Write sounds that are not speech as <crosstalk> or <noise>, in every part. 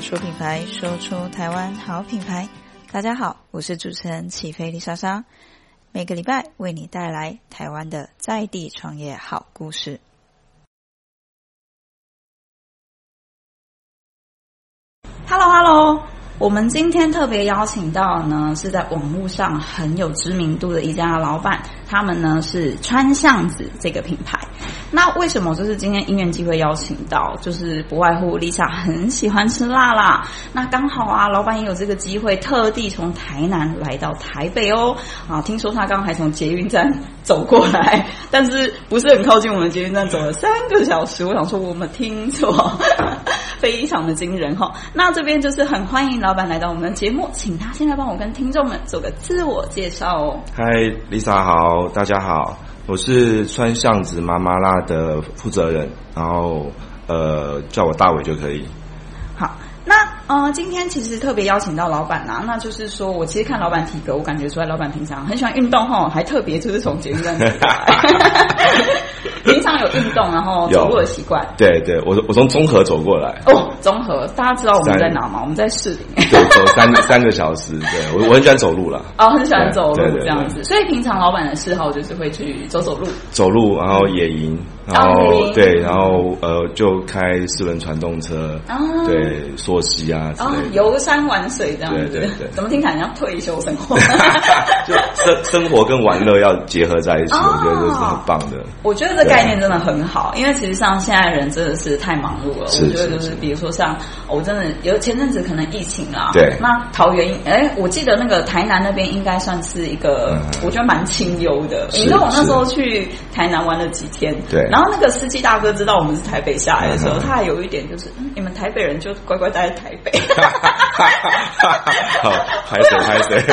說品牌，說出台灣好品牌。大家好，我是主持人起飛麗莎莎，每個禮拜為你帶來台灣的在地創業好故事。哈嘍哈嘍，我們今天特別邀請到呢，是在網絡上很有知名度的一家老闆，他們呢是川巷子這個品牌。那為什麼就是今天因緣際會，邀請到，就是不外乎 Lisa 很喜歡吃辣啦。那剛好啊，老闆也有這個機會，特地從台南來到台北哦。啊，聽說他剛剛還從捷運站走過來，但是不是很靠近我們的捷運站，走了三個小時。我想說我們聽錯。非常的驚人哈，那這邊就是很歡迎老闆來到我們的節目，請他先來幫我跟聽眾們做個自我介紹哦。嗨，Lisa 好，大家好，我是川巷子媽媽辣的負責人，然後呃，叫我大偉就可以。好，那呃，今天其實特別邀請到老闆啦，那就是說我其實看老闆體格，我感覺出來老闆平常很喜歡運動哈，還特別就是從節目。 <laughs> 平常有運動，然後走路的習慣。對對，我我從中和走過來。哦，中和，大家知道我們在哪嗎？我們在市裡面。對，走三三個小時。對，我我很喜歡走路了。哦，很喜歡走路這樣子。所以平常老板的嗜好就是會去走走路，走路，然後野營，然後對，然後呃，就開四輪傳動車。哦，對，溯溪啊，然後遊山玩水這樣子。對，怎麼聽起來要退休生活？就生生活跟玩樂要結合在一起，我覺得這是很棒的。我覺得。這個概念真的很好，因為其實像現在人真的是太忙碌了。我覺得就是，比如說像我真的有前陣子可能疫情啊，對。那桃園，哎，我記得那個台南那邊應該算是一個，我覺得蠻清幽的。你知道我那時候去台南玩了幾天，對。然後那個司機大哥知道我們是台北下來的時候，他還有一點就是，你們台北人就乖乖待在台北。好哈哈哈哈好，台北，台北，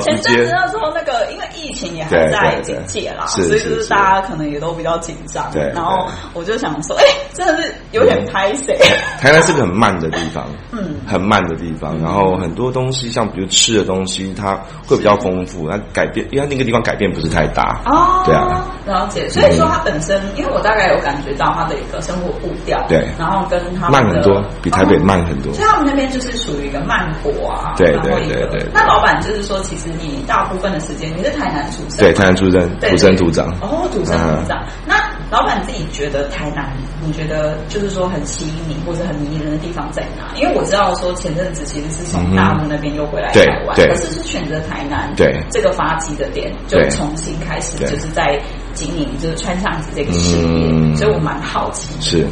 前陣子那時候，那個因為疫情也還在，警戒啦。對。所以就是大家可能也都比較緊張，對。然後我就想說，哎，真的是有點拍誰？台南是個很慢的地方，嗯，很慢的地方。然後很多東西，像比如吃的東西，它會比較豐富。它改變，因為那個地方改變不是太大，哦，對啊。了解，所以說它本身，因為我大概有感覺到它的一個生活步調，對。然後跟它。慢很多，比台北慢很多，所以他們那邊就是屬於一個慢國啊，對對對對。那老闆就是說，其實你大部分的時間你在台南出生，對，台南出生，土生土。哦，後土生土長。嗯、那老闆自己覺得台南，你覺得就是說很吸引你或者很迷人的地方在哪？因為我知道說前陣子其實是從大陸那邊又回來台灣，嗯、對對，可是是選擇台南對這個發跡的點，就重新開始就是在經營就是川巷子這個事業，嗯、所以我蠻好奇是。是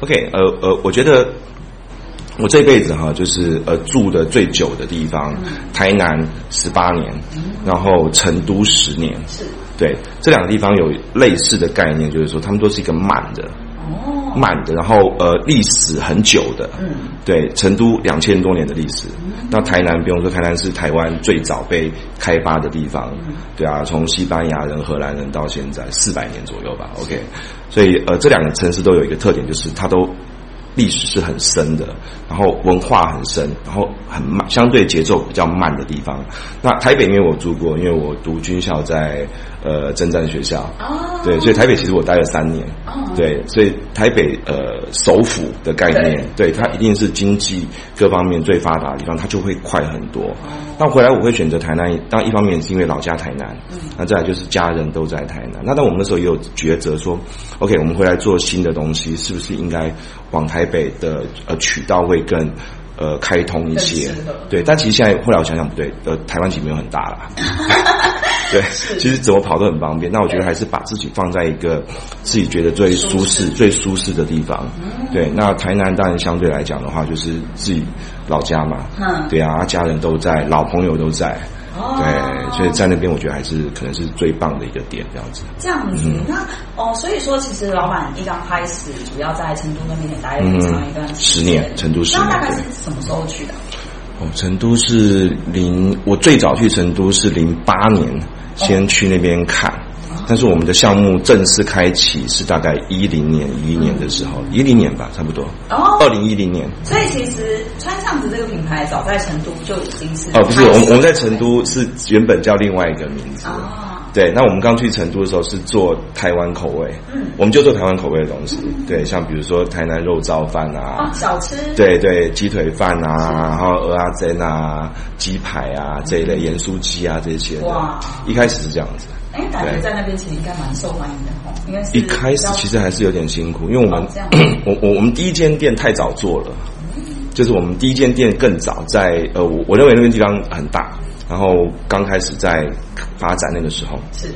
OK，呃呃，我覺得我這輩子哈，就是呃住的最久的地方，嗯、台南十八年，嗯、然後成都十年。是。對，這兩個地方有類似的概念，就是說，他們都是一個慢的，哦，慢的，然後呃，歷史很久的，嗯，對，成都兩千多年的歷史，嗯嗯嗯，那台南，比如說台南是台灣最早被開發的地方，嗯嗯對啊，從西班牙人、荷蘭人到現在四百年左右吧是，OK，所以呃，這兩個城市都有一個特點，就是它都。歷史是很深的，然後文化很深，然後很慢，相對節奏比較慢的地方。那台北因為我住過，因為我讀軍校在呃政戰學校，哦、對，所以台北其實我待了三年，哦、對，所以台北呃首府的概念，對，對，它一定是經濟各方面最發達的地方，它就會快很多。那、哦、回來我會選擇台南，當一方面是因為老家台南，嗯，那再來就是家人都在台南。那當我們那時候也有抉擇說，OK，我們回來做新的東西，是不是應該？往台北的呃渠道會更呃開通一些，對，但其實現在後來我想想不對，呃，台灣已經沒有很大了， <laughs> <laughs> 對，是其實怎麼跑都很方便。那我覺得還是把自己放在一個自己覺得最舒適、實最舒適的地方。嗯嗯對，那台南當然相對來講的話，就是自己老家嘛，嗯、對啊，家人都在，老朋友都在。對，所以在那邊我覺得還是可能是最棒的一個點這樣子這樣子。樣子嗯、那哦所以說其實老闆一剛開始主要在成都那邊也待了很長一段時間，嗯、十年。成都十年，那大概是什麼時候去的？哦，成都是零，我最早去成都是零八年，先去那邊看。哦但是我們的項目正式開啟是大概一零年、一一年的時候，一零年吧，差不多。哦。二零一零年。所以其實“川巷子”這個品牌早在成都就已經是。哦，不是，我們我們在成都是原本叫另外一個名字。哦。對，那我們剛去成都的時候是做台灣口味。嗯。我們就做台灣口味的東西，對，像比如說台南肉燥飯啊，小吃。對對，雞腿飯啊，然後蚵仔煎啊，雞排啊這一類鹽酥雞啊這些。哇。一開始是這樣子。哎，感覺在那邊其實應該蠻受歡迎的哈，對應該是。一開始其實還是有點辛苦，因為我們，哦、我我我們第一間店太早做了，就是我們第一間店更早在呃，我我認為那邊地方很大，然後剛開始在發展那個時候，是。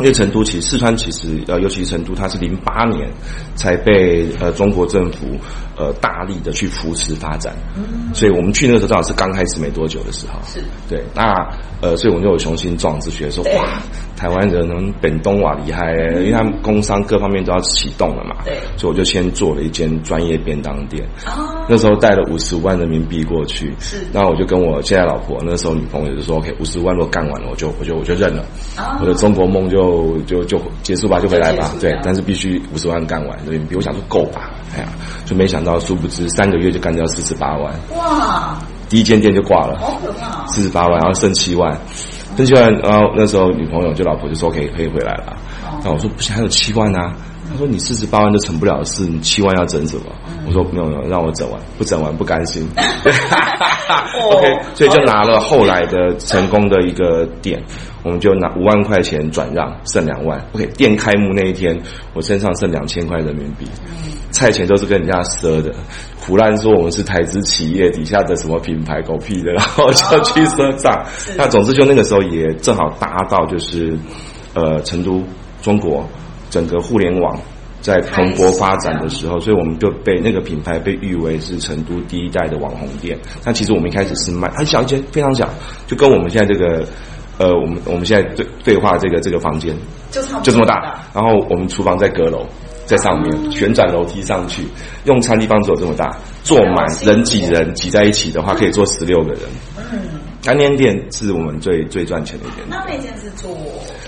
因為成都其實四川其實呃，尤其成都，它是零八年才被呃中國政府。呃，大力的去扶持發展，嗯。所以我們去那個時候正好是剛開始沒多久的時候。是，對。那呃，所以我就有雄心壯志，學說哇，台灣人能本東瓦厲害，因為他們工商各方面都要啟動了嘛。對。所以我就先做了一間專業便當店。哦。那時候帶了五十五萬人民幣過去。是。那我就跟我現在老婆，那時候女朋友就說：“OK，五十五萬都幹完了，我就我就我就認了，我的中國夢就就就結束吧，就回來吧。”對。但是必須五十萬幹完，對，比我想說夠吧？哎呀，就沒想到。然後殊不知，三個月就幹掉四十八萬。哇！第一間店就掛了，好可怕，四十八萬，然後剩七萬，剩七萬，然後那時候女朋友就老婆就說，可以可以回來了。然後我說不行，還有七萬呢。他說，你四十八萬都成不了事，你七萬要整什麼？我說沒有，沒有，讓我整完，不整完不甘心。 <laughs> <laughs> OK，所以就拿了後來的成功的一個店，我們就拿五萬塊錢轉讓，剩兩萬。OK，店開幕那一天，我身上剩兩千塊人民幣。 <laughs> <laughs> okay, 菜錢都是跟人家賒的，胡亂說我們是台資企業底下的什麼品牌，狗屁的，然後就要去賒賬。Oh, okay. 那總之就那個時候也正好達到就是，是的。呃，成都中國整個互聯網在蓬勃發展的時候，所以我們就被那個品牌被譽為是成都第一代的網紅店。但、嗯、其實我們一開始是賣很、啊、小一間，非常小，就跟我們現在這個，呃，我們我們現在對對話這個這個房間就，就這麼大，然後我們廚房在閣樓。在上面旋轉樓梯上去，用餐地方只有這麼大，坐滿人擠人擠在一起的話可以坐十六個人。嗯。干年店是我們最最賺錢的一個。那那間是做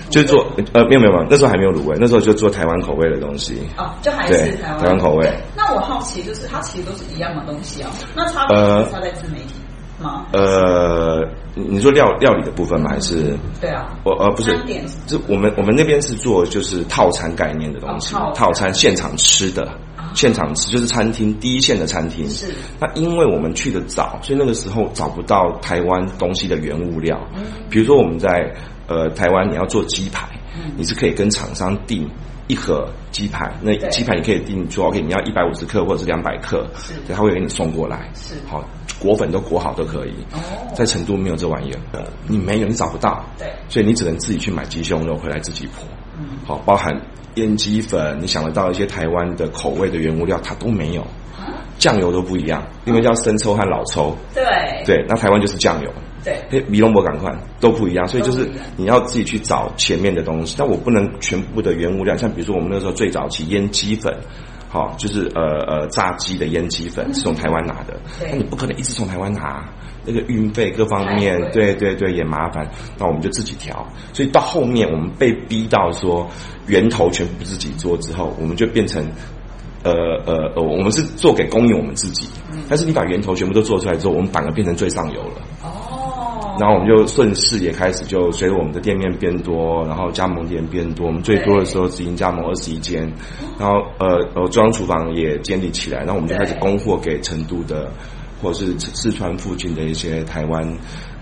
就做呃，沒有沒有沒有，那時候還沒有滷味，那時候就做台灣口味的東西。哦，就還是台灣，台灣口味。那我好奇就是它其實都是一樣的東西哦。那差呃，差在自媒體。呃哦、呃，你說料料理的部分嗎？還是？對啊，我呃不是，就我們我們那邊是做就是套餐概念的東西，哦、套餐現場吃的，哦、現場吃就是餐廳第一線的餐廳。是，那因為我們去的早，所以那個時候找不到台灣東西的原物料。嗯，比如說我們在呃台灣你要做雞排，嗯、你是可以跟廠商訂。一盒雞排，那雞排你可以定做。OK，你要一百五十克或者是兩百克，他會給你送過來。是好，裹粉都裹好都可以。哦，在成都沒有這玩意兒，你沒有，你找不到。對，所以你只能自己去買雞胸肉回來自己破。嗯，好，包含醃雞粉，你想得到一些台灣的口味的原物料，它都沒有。醬油都不一樣，因為叫生抽和老抽。對對，那台灣就是醬油。對，哎，米龍博，趕快都不一樣，所以就是你要自己去找前面的東西。但我不能全部的原物料，像比如說我們那時候最早期醃雞粉，好、哦，就是呃呃炸雞的醃雞粉、嗯、是從台灣拿的，那對你不可能一直從台灣拿，那個運費各方面，對對對，對，也麻煩。那我們就自己調，所以到後面我們被逼到說源頭全部自己做之後，我們就變成呃呃，我們是做給供應我們自己。但是你把源頭全部都做出來之後，我們反而變成最上游了。哦然後我們就順勢也開始，就隨着我們的店面變多，然後加盟店變多。我們最多的時候直營加盟二十一間，對然後呃，中央廚房也建立起來。然後我們就開始供貨給成都的對或者是四川附近的一些台灣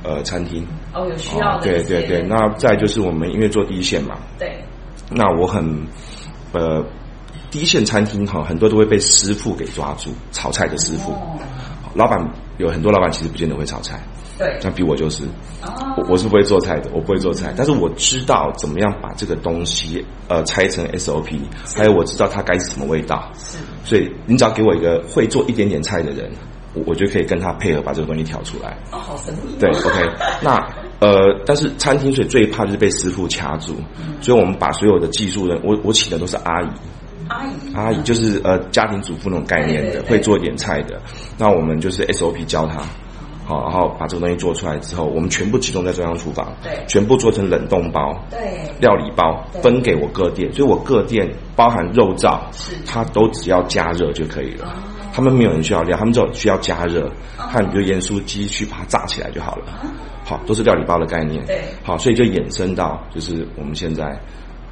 呃餐廳。哦，有需要的、哦。對對對，那再就是我們因為做第一線嘛。對。那我很呃，第一線餐廳哈，很多都會被師傅給抓住，炒菜的師傅。哦老闆有很多老闆其實不見得會炒菜，那對比我就是，我是不會做菜的，我不會做菜，但是我知道怎麼樣把這個東西呃拆成 SOP，是還有我知道它該是什麼味道，是，所以你只要給我一個會做一點點菜的人，我我就可以跟他配合把這個東西調出來，哦，好神奇啊，對，OK，那呃，但是餐廳水最怕就是被師傅掐住，所以我們把所有的技術人，我我請的都是阿姨。阿姨、啊、就是呃家庭主婦那種概念的，對對對對會做一點菜的。那我們就是 SOP 教他，好、哦，然後把這個東西做出來之後，我們全部集中在中央廚房，對，全部做成冷凍包，對，料理包對分給我各店，所以我各店包含肉燥，是，它都只要加熱就可以了。他、嗯、們沒有人需要料，他們只需要加熱、嗯、就鹽酥雞去把它炸起來就好了。好、哦，都是料理包的概念，嗯、對，好、哦，所以就衍生到就是我們現在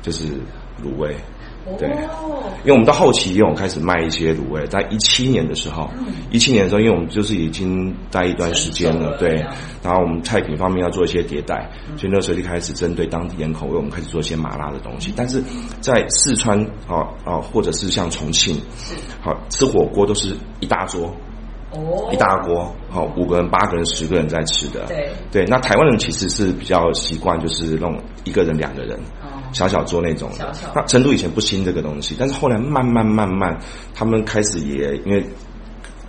就是滷味。對，因為我們到後期，因為我們開始賣一些滷味，在一七年的時候，一七、嗯、年的時候，因為我們就是已經待一段時間了，了對。然後我們菜品方面要做一些迭代，嗯、所以那時候就開始針對當地人口味，我們開始做一些麻辣的東西。嗯、但是在四川啊啊，或者是像重慶，好是吃火鍋都是一大桌，哦，一大鍋，好五個人、八個人、十個人在吃的，對對。那台灣人其實是比較習慣，就是弄一個人、兩個人。小小桌那種的，巧那成都以前不興這個東西，但是後來慢慢慢慢，他們開始也因為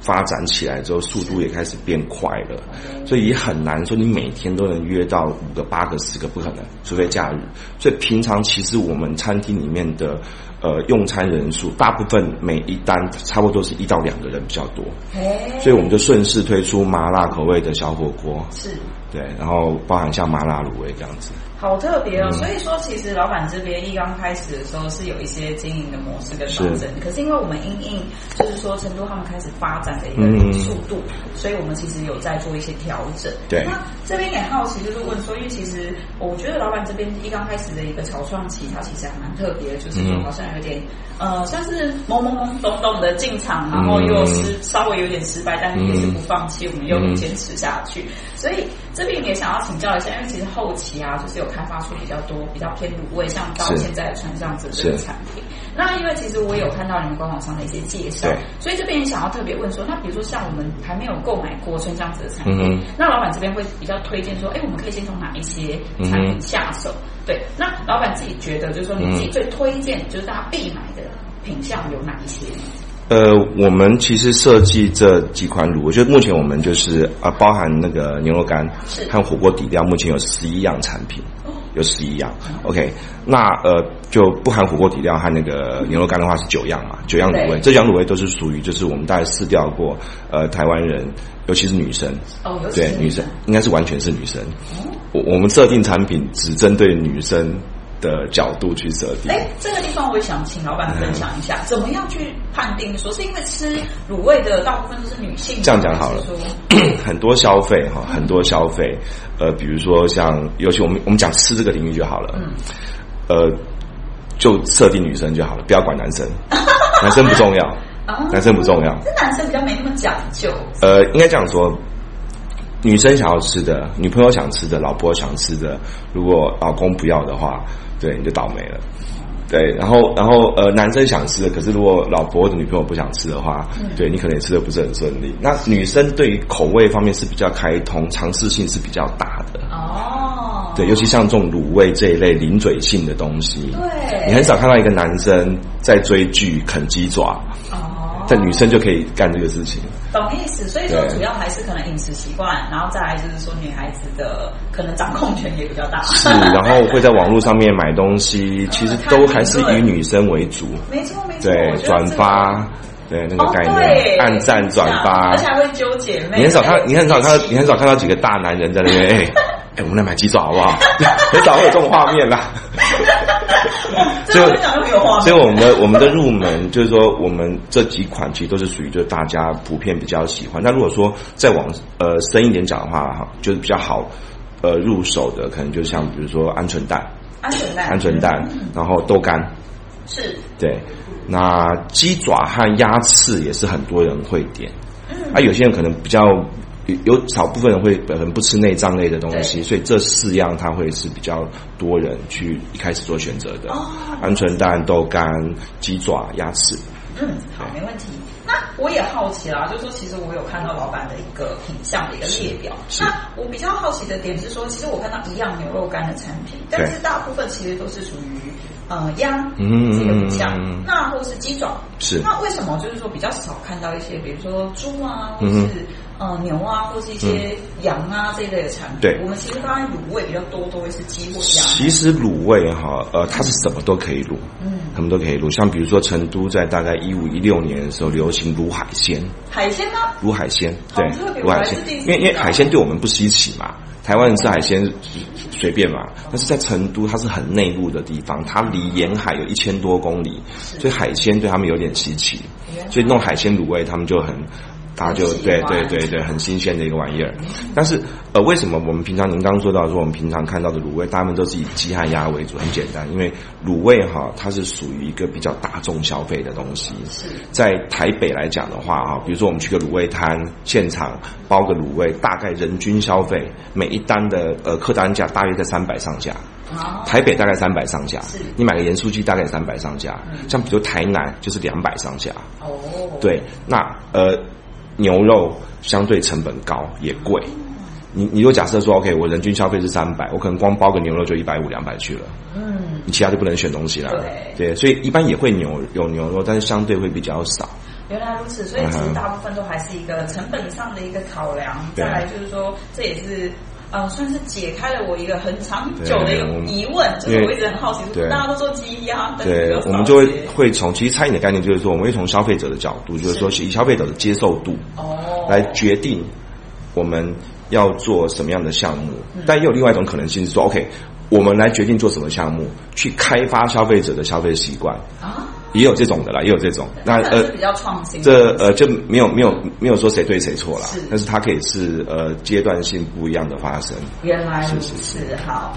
發展起來之後，速度也開始變快了，是所以也很難說你每天都能約到五個八個十個，不可能，除非假日。嗯，所以平常其實我們餐廳裡面的。呃，用餐人數大部分每一單差不多是一到兩個人比較多，嘿所以我們就順勢推出麻辣口味的小火鍋。是，對，然後包含像麻辣滷味這樣子，好特別哦。嗯、所以說，其實老闆這邊一剛開始的時候是有一些經營的模式跟調整，是，可是因為我們因應就是說成都他們開始發展的一個速度，嗯嗯，所以我們其實有在做一些調整。對，那這邊也好奇，就是問，所以其實我覺得老闆這邊一剛開始的一個草創期，它其實還蠻特別，就是好像。有點，呃，算是懵懵懵懂懂的進場，然後又失，稍微有點失敗，但是也是不放棄，我們、嗯、又堅持下去。嗯、所以這邊也想要請教一下，因為其實後期啊，就是有開發出比較多比較偏滷味，像到現在川巷子這樣子的產品。那因為其實我也有看到你們官網上的一些介紹，對所以這邊也想要特別問說，那比如說像我們還沒有購買過川巷子的產品，嗯嗯，那老闆這邊會比較推薦說，哎，我們可以先從哪一些產品下手？嗯嗯，對，那老闆自己覺得，就是說你自己最推薦，就是大家必買的品項有哪一些？呃，我們其實設計這幾款滷，我覺得目前我們就是啊，包含那個牛肉乾是，和火鍋底料，目前有十一樣產品。有十一樣、嗯、，OK，那呃就不含火鍋底料和那個牛肉乾的話是九樣嘛，嗯、九樣滷味，這九對樣滷味都是屬於就是我們大概試掉過，呃，台灣人尤其是女生，對、哦、女生,對女生應該是完全是女生，嗯、我我們設定產品只針對女生。的角度去設定。哎，這個地方我也想請老闆分享一下，嗯、怎麼樣去判定說是因為吃滷味的大部分都是女性？這樣講好了，說 <coughs> 很多消費哈，很多消費，呃，比如說像尤其我們我們講吃這個領域就好了，嗯，呃，就設定女生就好了，不要管男生， <laughs> 男生不重要，啊、男生不重要，這男生比較沒那麼講究。呃，應該這樣說，女生想要吃的，女朋友想吃的，老婆想吃的，如果老公不要的話。對，你就倒霉了。對，然後，然後，呃，男生想吃的，可是如果老婆或者女朋友不想吃的話，嗯。對，你可能也吃得不是很順利。那女生對於口味方面是比較開通，嘗試性是比較大的。哦，對，尤其像這種滷味這一類零嘴性的東西，對，你很少看到一個男生在追劇啃雞爪。哦在女生就可以幹這個事情，懂意思。所以說，主要還是可能飲食習慣，然後再來就是說女孩子的可能掌控權也比較大。是，然後會在網絡上面買東西，其實都還是以女生為主。沒錯沒錯。對，轉發，對那個概念，按讚轉發，而且還會糾結。你很少看，你很少看到，你很少看到幾個大男人在那邊。哎，哎，我們來買雞爪好不好？很少會有這種畫面啦這個啊、所以所以我們我們的入門就是說，我們這幾款其實都是屬於就是大家普遍比較喜歡。那如果說再往呃深一點講的話，哈，就是比較好呃入手的，可能就是像比如說鵪鶉蛋、鵪鶉蛋、鵪鶉蛋，嗯、然後豆乾，是對。那雞爪和鴨翅也是很多人會點，啊，有些人可能比較。有少部分人會本身不吃內臟類的東西，所以這四樣它會是比較多人去一開始做選擇的。鵪鶉蛋、豆干、雞爪、鴨翅。嗯，好，沒問題。那我也好奇啦，就是說，其實我有看到老闆的一個品項的一個列表。那我比較好奇的點是說，其實我看到一樣牛肉乾的產品，但是大部分其實都是屬於呃鴨子的品項，那或是雞爪。是那為什麼就是說比較少看到一些，比如說豬啊，或是。呃，牛啊，或是一些羊啊這一類的產品，對，我們其實大概滷味比較多，多是雞或羊。其實滷味哈，呃，它是什麼都可以滷，嗯，他們都可以滷。像比如說，成都在大概一五一六年的時候，流行滷海鮮。海鮮嗎？滷海鮮，對，滷海鮮。因為因為海鮮對我們不稀奇嘛，台灣人吃海鮮隨便嘛，但是在成都它是很內陸的地方，它離沿海有一千多公里，所以海鮮對他們有點稀奇，所以弄海鮮滷味他們就很。然、啊、就對對對對，對，很新鮮的一個玩意兒。嗯、但是呃，為什麼我們平常您剛剛說到的說我們平常看到的滷味，他們都是以雞和鴨為主，很簡單，因為滷味哈、哦，它是屬於一個比較大眾消費的東西。是，在台北來講的話啊、哦，比如說我們去個滷味攤現場包個滷味，大概人均消費每一單的呃客單價大約在三百上下。哦、台北大概三百上下。是你買個鹽酥雞大概三百上下，嗯、像比如台南就是兩百上下。哦，對，那呃。牛肉相對成本高，也貴。你，你如果假設說，OK，我人均消費是三百，我可能光包個牛肉就一百五、兩百去了。嗯，你其他就不能選東西了。對，對，所以一般也會牛有牛肉，但是相對會比較少。原來如此，所以其實大部分都還是一個成本上的一個考量。嗯、哼再來就是說，這也是。啊、呃，算是解開了我一個很長久的一個疑問，對就是我一直很好奇，為大家都做雞鴨，對,對，我們就會會從其實餐飲的概念就是說，我們會從消費者的角度，就是說是以消費者的接受度哦來決定我們要做什麼樣的項目，哦、但也有另外一種可能性是說、嗯、，OK，我們來決定做什麼項目，去開發消費者的消費習慣啊。也有這種的啦，也有這種。那呃，比較創新。這呃就沒有沒有沒有說誰對誰錯啦，是但是它可以是呃階段性不一樣的發生。原來是是，是，是。好。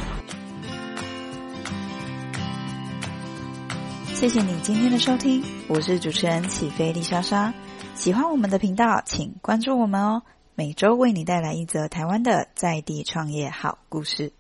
謝謝你今天的收聽，我是主持人起飛麗莎莎。喜歡我們的頻道，請關注我們哦。每周為你帶來一則台灣的在地創業好故事。